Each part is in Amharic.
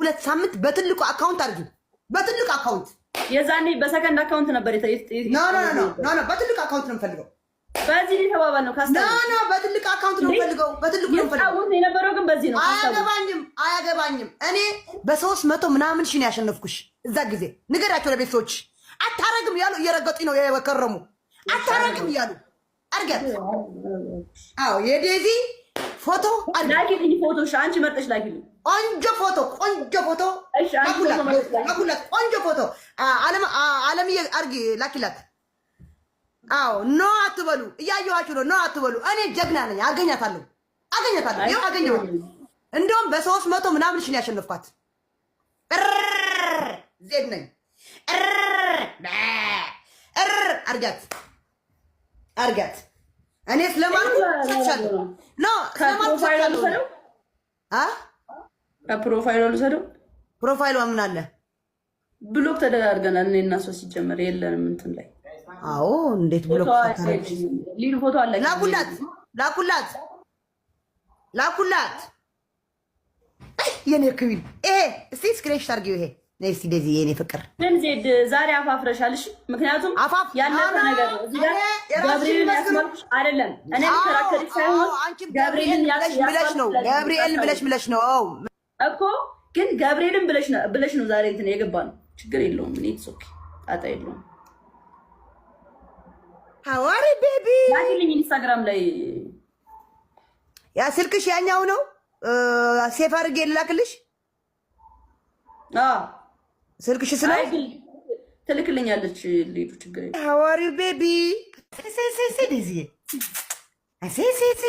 ሁለት ሳምንት በትልቁ አካውንት አድርጊ፣ በትልቁ አካውንት። የዛኔ በሰከንድ አካውንት ነበር። በትልቁ አካውንት ነው የምፈልገው። በዚህ ሊተባባል ነው። ካስተ በትልቅ አካውንት ነው የምፈልገው። በትልቁ ነው የምፈልገው የነበረው ግን በዚህ ነው። አያገባኝም፣ አያገባኝም። እኔ በሶስት መቶ ምናምን ሺህ ነው ያሸነፍኩሽ። እዛ ጊዜ ንገሪያቸው ሰዎች አታረግም እያሉ እየረገጡኝ ነው የከረሙ። አታረግም እያሉ አርገት አዎ የዴዚ ፎቶ ላኪልኝ። ፎቶሽ አንቺ መርጠሽ ላኪልኝ። ቆንጆ ፎቶ ቆንጆ ፎቶ ላኩላት። ቆንጆ ፎቶ አለምዬ አድርጊ ላኪላት። አዎ ኖ አትበሉ፣ እያየኋችሁ ነው። ኖ አትበሉ። እኔ ጀግና ነኝ። አገኛታለሁ አገኛታለሁ። ይኸው አገኘኋት። እንደውም በሶስት መቶ ምናምን ሽን ያሸነፍኳት ዜድ ነኝ። እርር አርጋት አርጋት እኔ ስለማልኩ ሰጥቻለሁ ነው ስለማልኩ ሰጥቻለሁ። አ ከፕሮፋይሉ አልወሰደው ፕሮፋይሉ ምን አለ ብሎክ ተደጋግመናል። እኔ እና እሷ ሲጀመር የለንም እንትን ላይ አዎ፣ እንዴት ብሎክ ተካረች? ሊሉ ፎቶ አለ። ላኩላት፣ ላኩላት፣ ላኩላት የኔ ክቢል ይሄ እስቲ ስክሪንሾት አርጊው ይሄ ነፍስ እንደዚህ የኔ ፍቅር ግን ዜድ ዛሬ አፋፍረሻል። እሺ ምክንያቱም አፋፍ ያለፈ ነገር ነው። እዚህ ጋር ገብርኤልን ያስመልኩሽ አይደለም እኔ ተራከሪ ሳይሆን ገብርኤልን ብለሽ ነው ገብርኤል ብለሽ ብለሽ ነው እኮ ግን ገብርኤልን ብለሽ ነው ብለሽ ነው ዛሬ እንትን የገባ ነው። ችግር የለውም። እኔ ኢትስ ኦኬ ጣጣ የለውም። ሐዋሪ ቤቢ ያልኝ ኢንስታግራም ላይ ያ ስልክሽ ያኛው ነው ሴፍ አድርጌ ልላክልሽ። አዎ ስልክሽ ስለ ትልክልኛለች ልሂዱ ችግር ዩ ቤቢ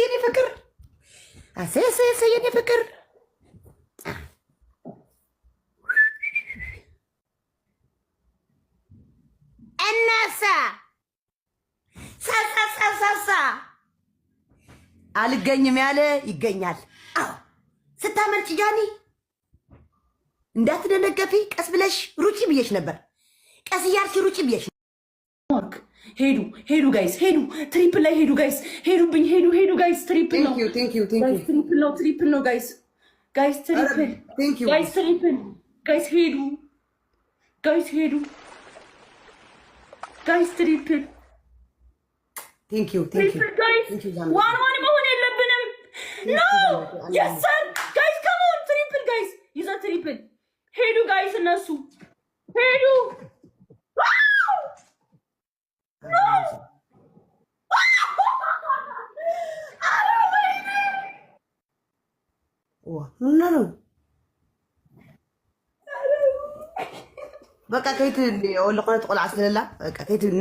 የኔ ፍቅር የኔ ፍቅር እናሳ ሳሳሳሳሳ አልገኝም ያለ ይገኛል። አዎ ስታመልጭ ጃኒ እንዳትደነገፊ ቀስ ብለሽ ሩጪ ብዬሽ ነበር። ቀስ እያልሽ ሩጪ ብዬሽ ሄዱ ሄዱ ጋይስ ሄዱ ትሪፕል ላይ ሄዱ ጋይስ ሄዱብኝ ሄዱ ሄዱ ጋይስ ትሪፕል ነው ትሪፕል ነው ትሪፕል ነው ጋይስ ጋይስ ትሪፕል ጋይስ ትሪፕል ጋይስ ሄዱ ጋይስ ሄዱ ጋይስ ትሪፕል ትሪፕል ጋይስ ዋን ዋን መሆን የለብንም። ኖ የሰር ጋይስ ከመሆን ትሪፕል ጋይስ ይዘ ትሪፕል ሄዱ ጋይስ፣ እነሱ ሄዱ። ምን ነው በቃ ከይት ወለቆነት ቆልዓ ስለላ በቃ ከይት